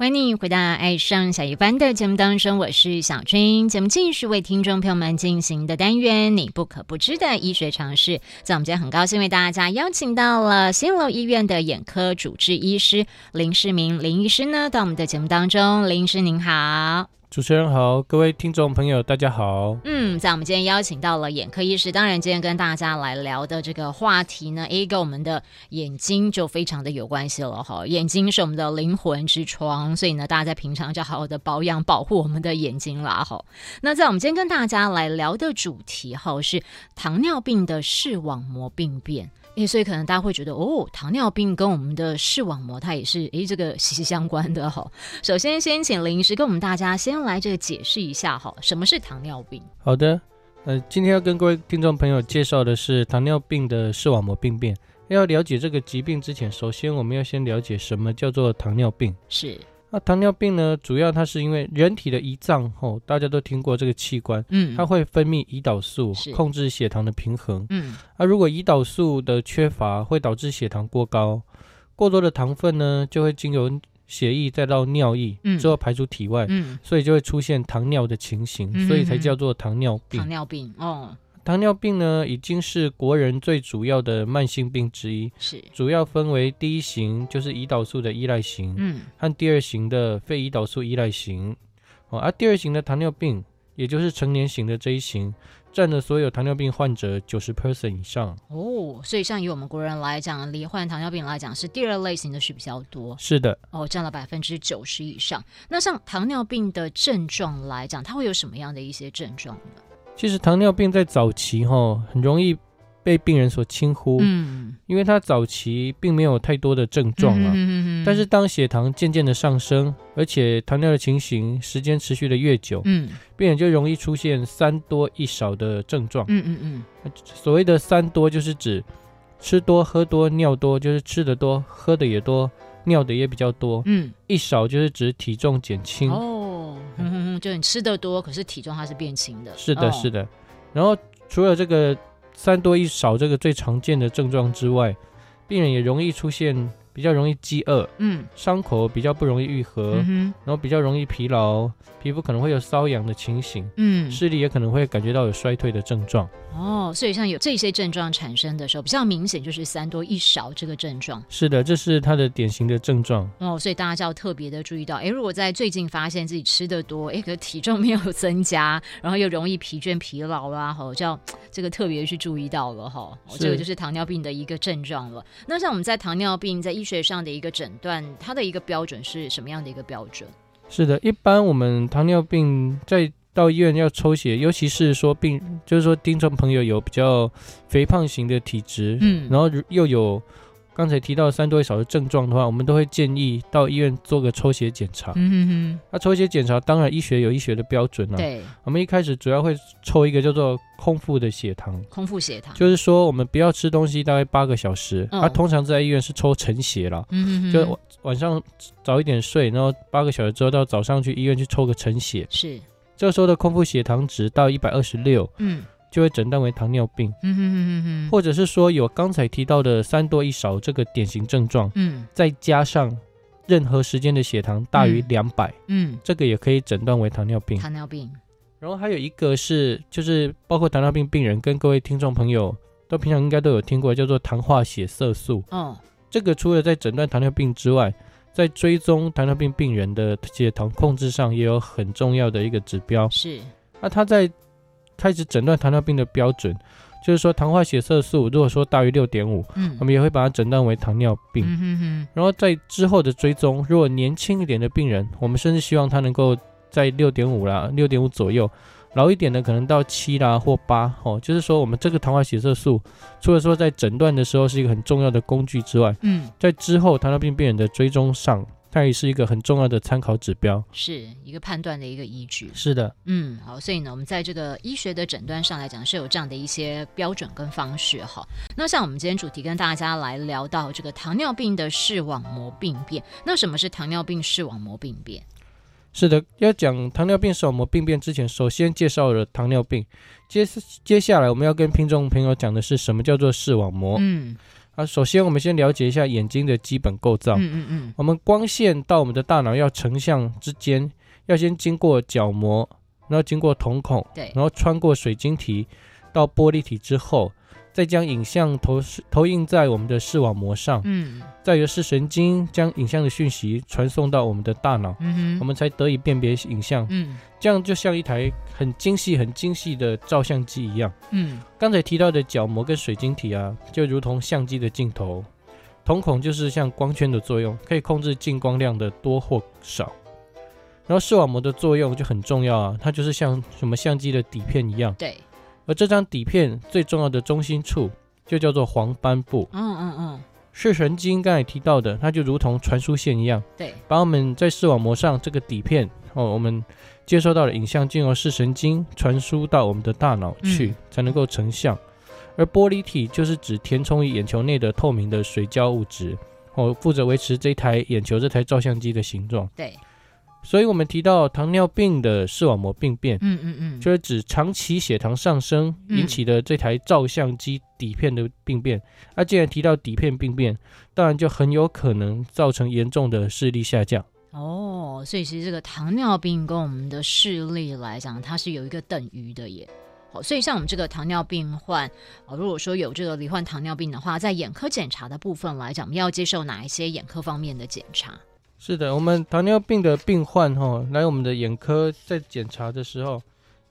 歡迎你回到《愛上小醫官》的節目當中，我是小君。節目繼續是為聽眾朋友們進行的單元，你不可不知的醫學常識。在我們今天很高興為大家邀請到了新樓醫院的眼科主治醫師林世明林醫師呢，到我們的節目當中，林醫師您好。主持人好，各位聽眾朋友，大家好。嗯，在我們今天邀請到了眼科醫師，當然今天跟大家來聊的這個話題呢，誒，跟我們的眼睛就非常的有關係了哈。眼睛是我們的靈魂之窗，所以呢，大家在平常就好好的保養、保護我們的眼睛啦。好，那在我們今天跟大家來聊的主題哈，是糖尿病的視網膜病變。所以可能大家會覺得哦，糖尿病跟我們的視網膜它也是誒這個息息相關的哈。首先，先請林醫師跟我們大家先來這個解釋一下哈，什麼是糖尿病？好的，呃，今天要跟各位聽眾朋友介紹的是糖尿病的視網膜病變。要了解這個疾病之前，首先我們要先了解什麼叫做糖尿病。是。那、啊、糖尿病呢，主要它是因為人體的胰臟吼、哦，大家都聽過這個器官，嗯，它會分泌胰島素，是控制血糖的平衡，嗯、啊，如果胰島素的缺乏，會導致血糖過高，過多的糖分呢，就會經由血液再到尿液，最、嗯、後排出體外，嗯，所以就會出現糖尿的情形，嗯、哼哼，所以才叫做糖尿病，糖尿病哦。糖尿病呢，已經是國人最主要的慢性病之一。是，主要分為第一型，就是胰島素的依賴型，嗯，和第二型的非胰島素依賴型。哦，而、啊、第二型的糖尿病，也就是成年型的這一型，佔了所有糖尿病患者九十 percent 以上。哦，所以像以我們國人來講，罹患糖尿病來講，是第二類型的是比較多。是的，哦，佔了百分之九十以上。那像糖尿病的症狀來講，它會有什麼樣的一些症狀呢？其實糖尿病在早期哈很容易被病人所輕忽，嗯、因為它早期並沒有太多的症狀啊。嗯、哼哼，但是當血糖漸漸的上升，而且糖尿的情形時間持續的越久，嗯，病人就容易出現三多一少的症狀。嗯嗯嗯，所謂的三多就是指吃多、喝多、尿多，就是吃的多、喝的也多、尿的也比較多。嗯，一少就是指體重減輕。哦就你吃的多，可是體重它是變輕的。是的，是的，是的、哦。然後除了這個三多一少這個最常見的症狀之外，病人也容易出現。比較容易飢餓，嗯，傷口比較不容易癒合，嗯哼，然後比較容易疲勞，皮膚可能會有瘙癢的情形，嗯，視力也可能會感覺到有衰退的症狀。哦，所以像有這些症狀產生的時候，比較明顯就是三多一少這個症狀。是的，這是它的典型的症狀。哦，所以大家就要特別的注意到，哎、欸，如果在最近發現自己吃得多，哎、欸，可體重沒有增加，然後又容易疲倦、疲勞啦、啊，吼，就要這個特別去注意到了，哈，是這個就是糖尿病的一個症狀了。那像我們在糖尿病在。醫學上的一個診斷，它的一個標準是什麼樣的一個標準？是的，一般我們糖尿病在到醫院要抽血，尤其是說病，就是說，聽眾朋友有比較肥胖型的體質，嗯，然後又有。剛才提到三多一少的症狀的話，我們都會建議到醫院做個抽血檢查。嗯嗯那、啊、抽血檢查當然醫學有醫學的標準了、啊。對。我們一開始主要會抽一個叫做空腹的血糖。空腹血糖。就是說我們不要吃東西大概八個小時。他、嗯啊、通常在醫院是抽晨血了。嗯哼哼。就晚上早一點睡，然後八個小時之後到早上去醫院去抽個晨血。是。這時候的空腹血糖值到一百二十六。嗯。嗯就會診斷為糖尿病，嗯哼哼哼哼，或者是說有剛才提到的三多一少這個典型症狀，嗯，再加上任何時間的血糖大於兩百，嗯，嗯，這個也可以診斷為糖尿病。糖尿病。然後還有一個是，就是包括糖尿病病人跟各位聽眾朋友都平常應該都有聽過，叫做糖化血色素，嗯，哦，這個除了在診斷糖尿病之外，在追蹤糖尿病病人的血糖控制上也有很重要的一個指標。是。那它在。開始診斷糖尿病的標準，就是說糖化血色素，如果說大於六點五，嗯，我們也會把它診斷為糖尿病。嗯嗯。然後在之後的追蹤，如果年輕一點的病人，我們甚至希望他能夠在六點五啦，六點五左右；老一點的可能到七啦或八。哦，就是說我們這個糖化血色素，除了說在診斷的時候是一個很重要的工具之外，嗯，在之後糖尿病病人的追蹤上。它也是一個很重要的參考指標，是一個判斷的一個依據。是的，嗯，好，所以呢，我們在這個醫學的診斷上來講，是有這樣的一些標準跟方式。哈，那像我們今天主題跟大家來聊到這個糖尿病的視網膜病變，那什麼是糖尿病視網膜病變？是的，要講糖尿病視網膜病變之前，首先介紹了糖尿病，接接下來我們要跟聽眾朋友講的是什麼叫做視網膜？嗯。首先我們先了解一下眼睛的基本構造。嗯嗯嗯，我們光線到我們的大腦要成像之間，要先經過角膜，然後經過瞳孔，對，然後穿過水晶體到玻璃體之後。再將影像投投映在我們的視網膜上，嗯、再由視神經將影像的訊息傳送到我們的大腦，嗯、哼我們才得以辨別影像。嗯、這樣就像一台很精細、很精細的照相機一樣。嗯、剛才提到的角膜跟水晶體啊，就如同相機的鏡頭；瞳孔就是像光圈的作用，可以控制進光量的多或少。然後視網膜的作用就很重要啊，它就是像什麼相機的底片一樣。對。而這張底片最重要的中心處，就叫做黃斑部。嗯嗯嗯，視、嗯嗯、神經剛才提到的，它就如同傳輸線一樣，對，把我們在視網膜上這個底片，哦，我們接收到了影像，進入視神經傳輸到我們的大腦去，嗯、才能夠成像。而玻璃體就是指填充於眼球內的透明的水膠物質，哦，負責維持這台眼球這台照相機的形狀。對。所以，我們提到糖尿病的視網膜病變，嗯嗯嗯，嗯嗯就是指長期血糖上升引起的這台照相機底片的病變。那、嗯啊、既然提到底片病變，當然就很有可能造成嚴重的視力下降。哦，所以其實這個糖尿病跟我們的視力來講，它是有一個等於的耶。好，所以像我們這個糖尿病患，啊，如果說有這個罹患糖尿病的話，在眼科檢查的部分來講，我們要接受哪一些眼科方面的檢查？是的，我們糖尿病的病患哈、哦、來我們的眼科在檢查的時候，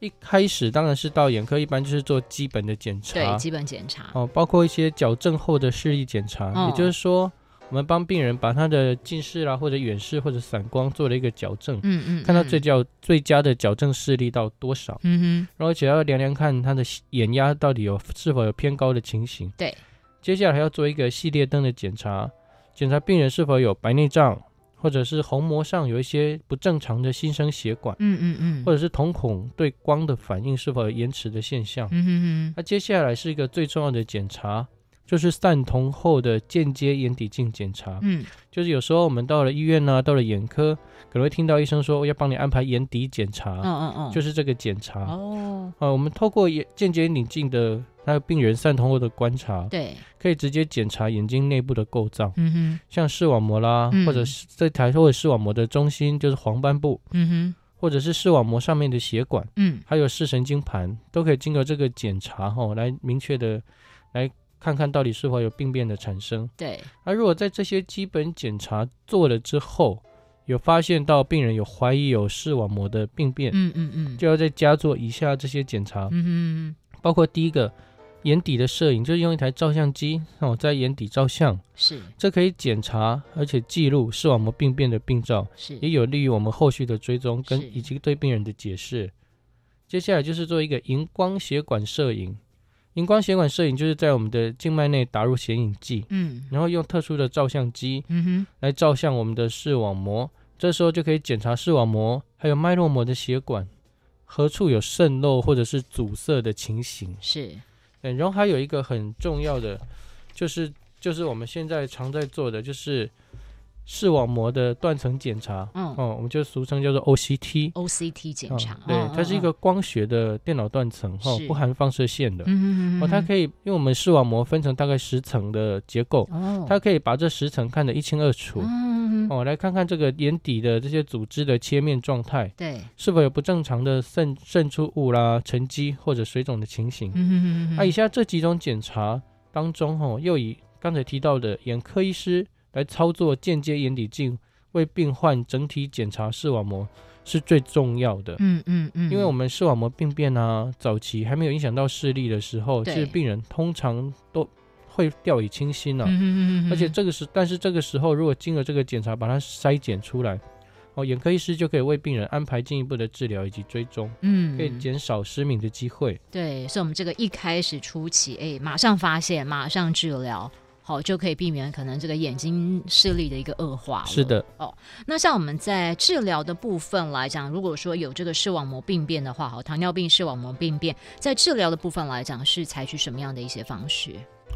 一開始當然是到眼科，一般就是做基本的檢查，對，基本檢查哦，包括一些矯正後的視力檢查，哦、也就是說，我們幫病人把他的近視啊或者遠視或者散光做了一個矯正，嗯，嗯嗯，看他最矯最佳的矯正視力到多少，嗯哼，然後而且要量量看他的眼壓到底有是否有偏高的情形，對，接下來要做一個系列燈的檢查，檢查病人是否有白內障。或者是虹膜上有一些不正常的新生血管，嗯嗯、嗯或者是瞳孔對光的反應是否有延遲的現象，嗯嗯。那、啊、接下來是一個最重要的檢查。就是散瞳後的間接眼底鏡檢查，嗯，就是有時候我們到了醫院呢、啊，到了眼科，可能會聽到醫生說、哦、要幫你安排眼底檢查，嗯嗯嗯，哦、就是這個檢查哦，啊，我們透過眼間接眼底鏡的還有病人散瞳後的觀察，對，可以直接檢查眼睛內部的構造，嗯哼像視網膜啦，嗯，或者是在台或者視網膜的中心就是黃斑部，嗯哼或者是視網膜上面的血管，嗯，還有視神經盤，都可以經過這個檢查哈、哦、來明確的來。看看到底是否有病變的產生。對。而、啊、如果在這些基本檢查做了之後，有發現到病人有懷疑有視網膜的病變，嗯嗯嗯，嗯嗯就要再加做以下這些檢查。嗯嗯嗯。嗯嗯包括第一個眼底的攝影，就是用一台照相機讓我、哦、在眼底照相。是。這可以檢查而且記錄視網膜病變的病灶，是，也有利於我們後續的追蹤跟是以及對病人的解釋。接下來就是做一個熒光血管攝影。熒光血管攝影就是在我們的靜脈內打入顯影劑，嗯，然後用特殊的照相機，嗯哼，來照相我們的視網膜，嗯、哼這時候就可以檢查視網膜還有脈絡膜的血管何處有滲漏或者是阻塞的情形。是，嗯，然後還有一個很重要的就是就是我們現在常在做的就是。視網膜的斷層檢查，嗯、哦，我們就俗稱叫做 OCT，OCT 檢查、哦，對，它是一個光學的電腦斷層，哈，不含放射線的，嗯、哼哼哼哦，它可以，因為我們視網膜分成大概十層的結構，嗯、哼哼它可以把這十層看得一清二楚，嗯、哼哼哦，來看看這個眼底的這些組織的切面狀態，對，是否有不正常的滲滲出物啦、沉積或者水腫的情形。那、嗯啊、以下這幾種檢查當中，哈、哦，又以剛才提到的眼科醫師。來操作間接眼底鏡，為病患整體檢查視網膜是最重要的。嗯嗯嗯，嗯嗯，因為我們視網膜病變啊，早期還沒有影響到視力的時候，對其實病人通常都會掉以輕心了、啊。嗯嗯嗯，而且這個時，但是這個時候如果經過這個檢查把它篩檢出來，哦，眼科醫師就可以為病人安排進一步的治療以及追蹤，嗯，可以減少失明的機會。對，所以我們這個一開始初期，哎，馬上發現，馬上治療。好，就可以避免可能這個眼睛視力的一個惡化。是的，哦，那像我們在治療的部分來講，如果說有這個視網膜病變的話，好，糖尿病視網膜病變在治療的部分來講是採取什麼樣的一些方式？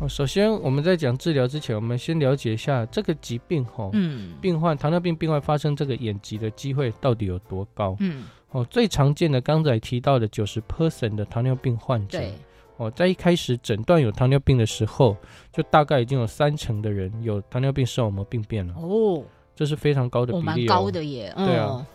哦，首先我們在講治療之前，我們先了解一下這個疾病，哈，嗯，病患糖尿病病患發生這個眼疾的機會到底有多高？嗯，哦，最常見的剛才提到的九十 percent 的糖尿病患者，對。哦，在一開始診斷有糖尿病的時候，就大概已經有三成的人有糖尿病視網膜病變了。哦，這是非常高的比例，哦哦。蠻高的耶。嗯、對啊，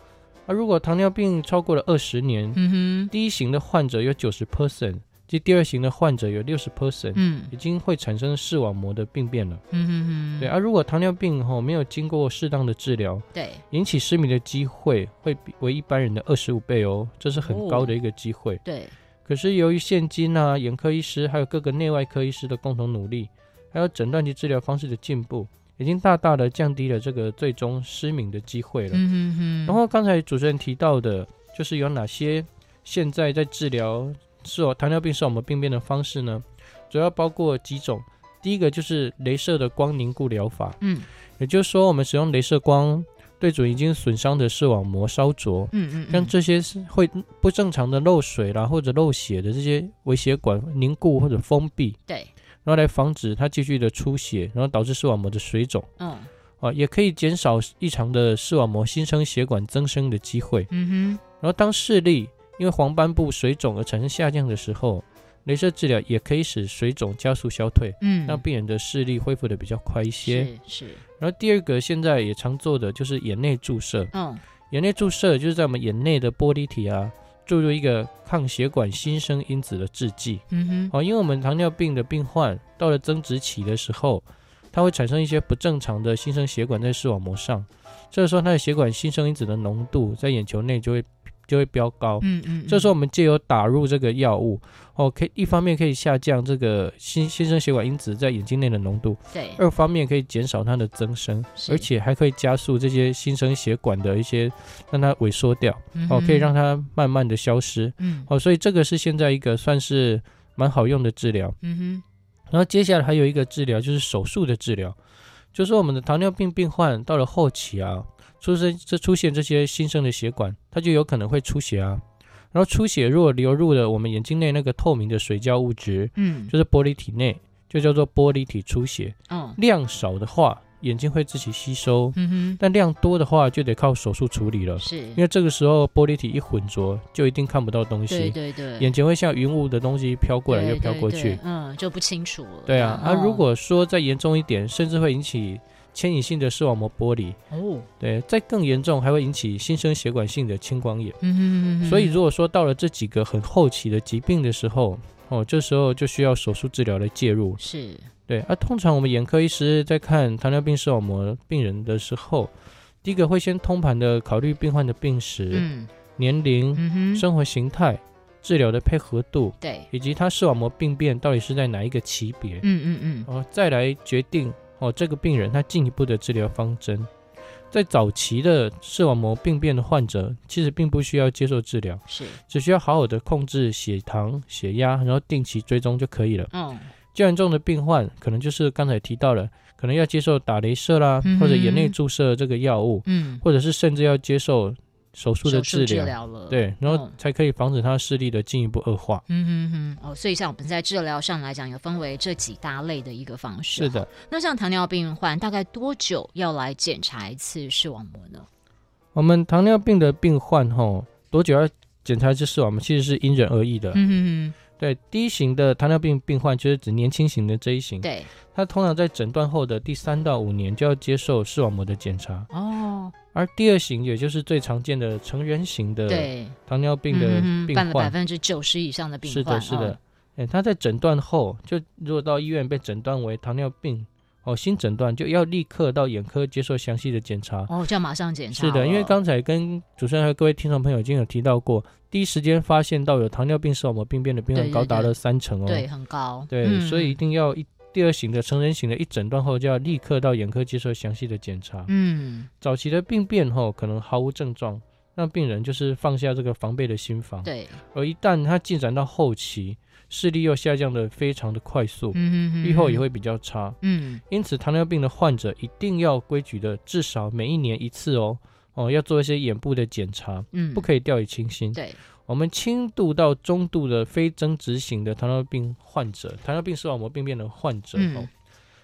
啊，如果糖尿病超過了二十年，嗯、哼第一型的患者有九十 percent，即第二型的患者有六十 percent，嗯，已經會產生視網膜的病變了。嗯嗯嗯，對啊，如果糖尿病哈、哦、沒有經過適當的治療，對，引起失明的機會會比為一般人的二十五倍哦，這是很高的一個機會。哦、對。可是由於現今呢、啊，眼科醫師還有各個內外科醫師的共同努力，還有診斷及治療方式的進步，已經大大的降低了這個最終失明的機會了。嗯嗯嗯。然後剛才主持人提到的，就是有哪些現在在治療是糖尿病是我們病變的方式呢？主要包括幾種，第一個就是雷射的光凝固療法。嗯，也就是說我們使用雷射光。.對準已經損傷的視網膜燒灼，嗯，嗯嗯，像這些是會不正常的漏水啦、啊，或者漏血的這些微血管凝固或者封閉，對，然後來防止它繼續的出血，然後導致視網膜的水腫，嗯，啊，也可以減少異常的視網膜新生血管增生的機會，嗯哼，然後當視力因為黃斑部水腫而產生下降的時候，鐳射治療也可以使水腫加速消退，嗯，讓病人的視力恢復得比較快一些，是是。是然後第二個現在也常做的就是眼內注射，嗯，眼內注射就是在我們眼內的玻璃體啊注入一個抗血管新生因子的製劑，嗯哼，啊，因為我們糖尿病的病患到了增殖期的時候，它會產生一些不正常的新生血管在視網膜上，所以說它的血管新生因子的濃度在眼球內就會就會飆高，嗯，嗯嗯，這時候我們借由打入這個藥物，哦，可以一方面可以下降這個新新生血管因子在眼睛內的濃度，對，二方面可以減少它的增生，是而且還可以加速這些新生血管的一些讓它萎縮掉，嗯、哼哦，可以讓它慢慢的消失，嗯，哦，所以這個是現在一個算是蠻好用的治療，嗯哼，然後接下來還有一個治療就是手術的治療，就是我們的糖尿病病、病患到了後期啊。出生這出現這些新生的血管，它就有可能會出血啊。然後出血，如果流入了我們眼睛內那個透明的水膠物質，嗯，就是玻璃體內，就叫做玻璃體出血。嗯，量少的話，眼睛會自己吸收。嗯、哼但量多的話，就得靠手術處理了。是，因為這個時候玻璃體一混濁，就一定看不到東西。對對對，眼前會像雲霧的東西飄過來又飄過去。對對對嗯，就不清楚了。對啊，而、嗯啊、如果說再嚴重一點，甚至會引起。牽引性的視網膜剝離哦，對，在更嚴重還會引起新生血管性的青光眼。嗯哼嗯嗯。所以如果說到了這幾個很後期的疾病的時候，哦，這時候就需要手術治療來介入。是。對，而、啊、通常我們眼科醫師在看糖尿病視網膜病人的時候，第一個會先通盤的考慮病患的病史、嗯、年齡、嗯、哼生活形態、治療的配合度，對，以及他視網膜病變到底是在哪一個級別。嗯嗯嗯。哦，再來決定。哦，這個病人他進一步的治療方針，在早期的視網膜病變的患者，其實並不需要接受治療，是只需要好好的控制血糖、血壓，然後定期追蹤就可以了。嗯、哦，較嚴重的病患，可能就是剛才提到了，可能要接受打雷射啦，嗯哼，或者眼內注射這個藥物，嗯，或者是甚至要接受。手術的治療了，對，然後才可以防止他視力的進一步惡化。嗯嗯嗯，哦，所以像我們在治療上來講，有分為這幾大類的一個方式。是的，那像糖尿病患大概多久要來檢查一次視網膜呢？我們糖尿病的病患哈，多久要檢查一次視網膜其實是因人而異的。嗯嗯嗯。嗯對，第一型的糖尿病病患就是指年輕型的這一型。對，他通常在診斷後的第三到五年就要接受視網膜的檢查。哦。而第二型，也就是最常見的成人型的糖尿病的病患，百分之九十、嗯、以上的病患。是的，是的。哦、誒，他在診斷後，就如果到醫院被診斷為糖尿病。哦，新診斷就要立刻到眼科接受詳細的檢查。哦，就要馬上檢查。是的，因為剛才跟主持人和各位聽眾朋友已經有提到過，第一時間發現到有糖尿病視網膜病變的病人高達了三成哦。對，對，對，對，對，很高。對，嗯、所以一定要一第二型的成人型的一診斷後，就要立刻到眼科接受詳細的檢查。嗯，早期的病變後可能毫無症狀，讓病人就是放下這個防備的心防。對。而一旦它進展到後期，視力又下降得非常的快速，愈、嗯、後也會比較差，嗯、因此糖尿病的患者一定要規矩的，至少每一年一次哦，哦，要做一些眼部的檢查，嗯、不可以掉以輕心，對我們輕度到中度的非增殖型的糖尿病患者，糖尿病視網膜病變的患者哦，嗯、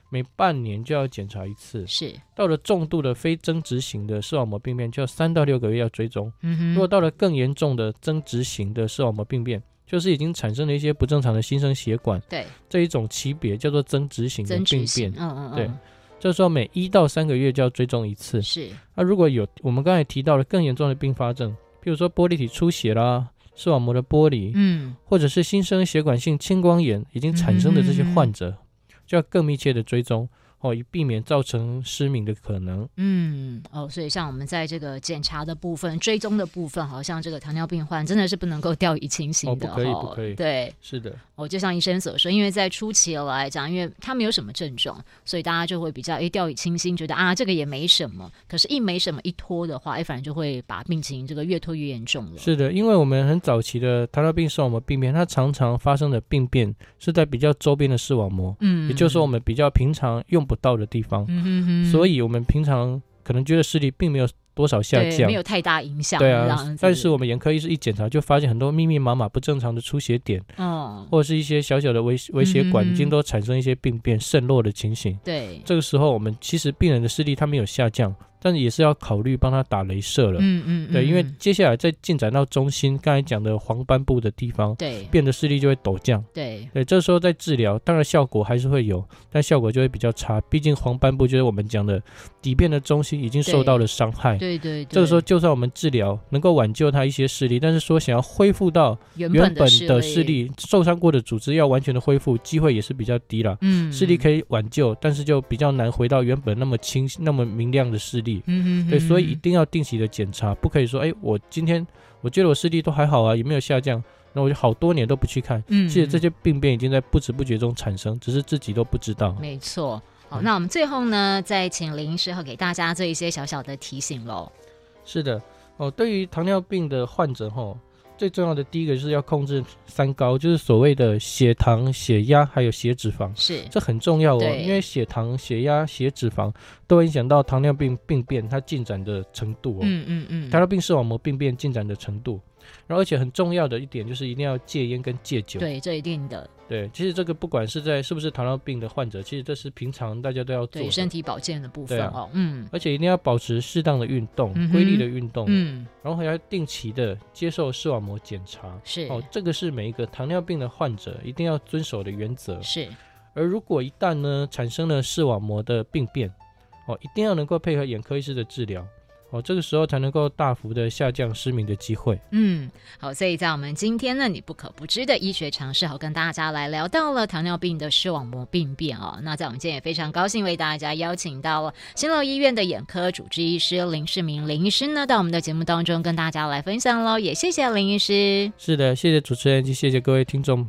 每半年就要檢查一次，是，到了重度的非增殖型的視網膜病變就要三到六個月要追蹤，嗯哼，如果到了更嚴重的增殖型的視網膜病變。就是已經產生了一些不正常的新生血管，對這一種期別，叫做增殖型的病變，嗯嗯對嗯，對，就是說每一到三個月就要追蹤一次，是那、啊、如果有我們剛才提到了更嚴重的併發症，比如說玻璃體出血啦、視網膜的剝離，嗯，或者是新生血管性青光眼已經產生的這些患者，嗯、就要更密切的追蹤。哦，以避免造成失明的可能。嗯，哦，所以像我們在這個檢查的部分、追蹤的部分，好像這個糖尿病患真的是不能夠掉以輕心的哦。不可以，不可以。對，是的。哦，就像醫生所說，因為在初期來講，因為他沒有什麼症狀，所以大家就會比較哎掉以輕心，覺得啊這個也沒什麼。可是，一沒什麼一拖的話，哎，反正就會把病情這個越拖越嚴重了。是的，因為我們很早期的糖尿病視網膜病變，它常常發生的病變是在比較周邊的視網膜，嗯，也就是說我們比較平常用，不到的地方，嗯、哼所以我們平常可能覺得視力並沒有多少下降，沒有太大影響，對啊。但是我們眼科醫生一檢查，就發現很多密密麻麻不正常的出血點，哦、或者是一些小小的微微血管，經都產生一些病變滲漏的情形。對、嗯哼，這個時候我們其實病人的視力它沒有下降。但也是要考慮幫他打雷射了，嗯嗯，嗯對，因為接下來再進展到中心，嗯、剛才講的黃斑部的地方，對，變得視力就會陡降，對，對，這個時候在治療，當然效果還是會有，但效果就會比較差，畢竟黃斑部就是我們講的底片的中心已經受到了傷害，對對，這個時候就算我們治療能夠挽救他一些視力，但是說想要恢復到原本的視力，受傷過的組織要完全的恢復，機會也是比較低了，嗯，視力可以挽救，但是就比較難回到原本那麼清晰，嗯、那麼明亮的視力。嗯嗯，嗯，對，所以一定要定期的檢查，不可以說，哎，我今天我覺得我視力都還好啊，也沒有下降，那我就好多年都不去看，嗯嗯嗯，其實這些病變已經在不知不覺中產生，只是自己都不知道、嗯。沒錯，好，那我們最後呢，再請林醫師要給大家做一些小小的提醒嘍。是的，哦，對於糖尿病的患者吼。最重要的第一個就是要控制三高，就是所謂的血糖、血壓還有血脂肪，是，這很重要哦。對因為血糖、血壓、血脂肪都會影響到糖尿病病變它進展的程度哦。嗯嗯嗯，嗯嗯糖尿病視網膜病變進展的程度。然後，而且很重要的一點就是一定要戒菸跟戒酒。對，這一定的。對，其實這個不管是在是不是糖尿病的患者，其實這是平常大家都要做身體保健的部分哦。啊、嗯。而且一定要保持適當的運動，規律的運動。嗯，嗯。然後還要定期的接受視網膜檢查。是。哦，這個是每一個糖尿病的患者一定要遵守的原則。是。而如果一旦呢產生了視網膜的病變，哦，一定要能夠配合眼科醫師的治療。好、哦，這個時候才能夠大幅的下降失明的機會。嗯，好，所以在我們今天呢，你不可不知的醫學常識好，好跟大家來聊到了糖尿病的視網膜病變。哦，那在我們今天也非常高興為大家邀請到了新樓醫院的眼科主治醫師林世明林醫師呢，到我們的節目當中跟大家來分享嘍。也謝謝林醫師。是的，謝謝主持人，也謝謝各位聽眾。